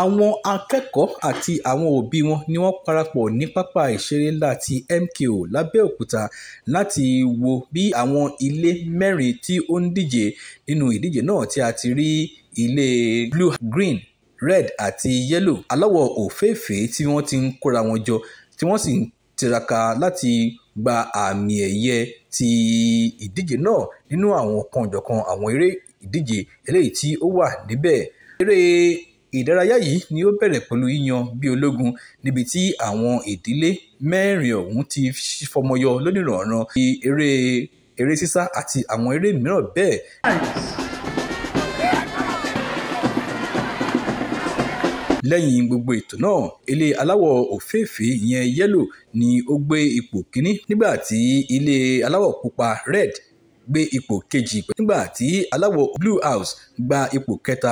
Àwọn akẹ́kọ̀ọ́ àti àwọn òbí wọn ni wọ́n parapọ̀ ní pápá ìṣeré ńlá ti MKO l'Abẹ́òkúta láti wo bí àwọn ilé mẹ́rin tí ó ń díje nínú ìdíje náà tí a ti rí ilé blue green red àti yellow aláwọ̀ òféèfé tí wọ́n ti ń kóra wọn jọ tí wọ́n sì ń tiraka láti gba àmì ẹ̀yẹ ti ìdíje náà nínú àwọn kan àwọn eré ìdíje eléyìí tí ó wà níbẹ̀. eré ìdárayá yìí ni ó bẹ̀rẹ̀ pẹ̀lú yíyan bí ológun níbi tí àwọn ìdílé mẹ́rin ọ̀hún ti fọmọyọ lónìrànràn ti eré eré sísá àti àwọn eré mìíràn bẹ́ẹ̀. lẹ́yìn gbogbo ètò náà ilé aláwọ̀ òféèfé ìyẹn yẹ́lò ni ó gbé ipò kíní nígbà tí ilé aláwọ̀ pupa red gbé ipò kejì nígbà tí aláwọ̀ blue house gba ipò kẹta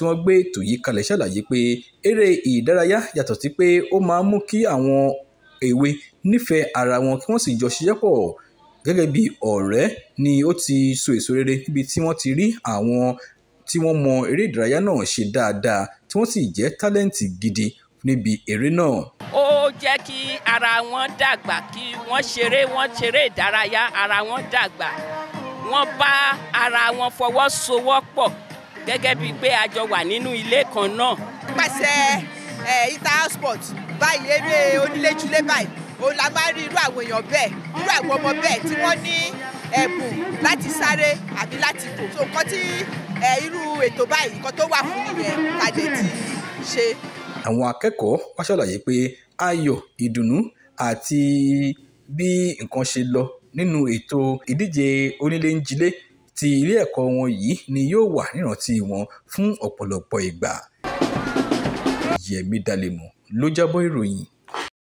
tí wọ́n gbé ètò yìí kalẹ̀ ṣàlàyé pé eré ìdárayá yàtọ̀ sí pé ó máa ń mú kí àwọn èwe nífẹ̀ẹ́ ara wọn kí wọ́n sì jọ ṣiṣẹ́ pọ̀ gẹ́gẹ́ bí ọ̀rẹ́ ni ó ti so èso rere níbi tí wọ́n ti rí àwọn tí wọ́n mọ eré ìdárayá náà ṣe dáadáa tí wọ́n sì jẹ́ tálẹ́ǹtì gidi níbi eré náà. ó jẹ́ kí ara wọn dàgbà kí wọ́n ṣeré wọ́n ṣeré ìdárayá ara wọn dàgbà wọ́n bá ara wọn fọwọ́ sowọ́ pọ̀ gẹ́gẹ́ bíi pé a jọ wà nínú ilé kan náà. nípasẹ̀ ẹ inter house sport báyìí eré onílé-julé báyìí òun la máa ń rí irú àwọn èèyàn bẹ́ẹ̀ irú àwọn ọmọ bẹ́ẹ̀ tí wọ́n ní ẹ̀bùn láti sáré àbí láti fò so nǹkan tí irú ètò báyìí nǹkan tó wà fún nìyẹn kàdé ti ṣe. àwọn akẹ́kọ̀ọ́ wá ṣàlàyé pé ayọ̀ ìdùnnú àti bí nǹkan ṣe lọ nínú ètò ìdíje onílé-ń-jilé ti ilé ẹ̀kọ́ wọn yìí ni yóò wà nírántí wọn fún ọ̀pọ̀lọpọ̀ ìgbà. Yẹmi Dalemu ló jábọ̀ ìròyìn.